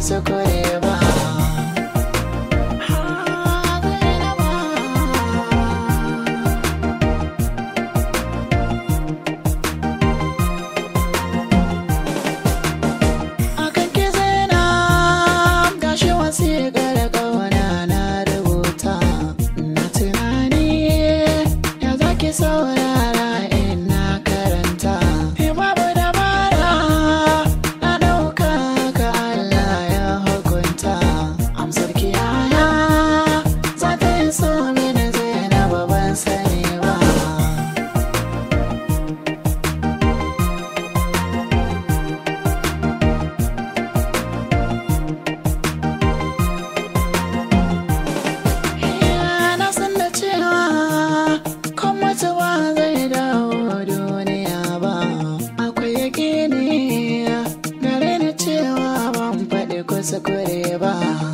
kuskure musu ba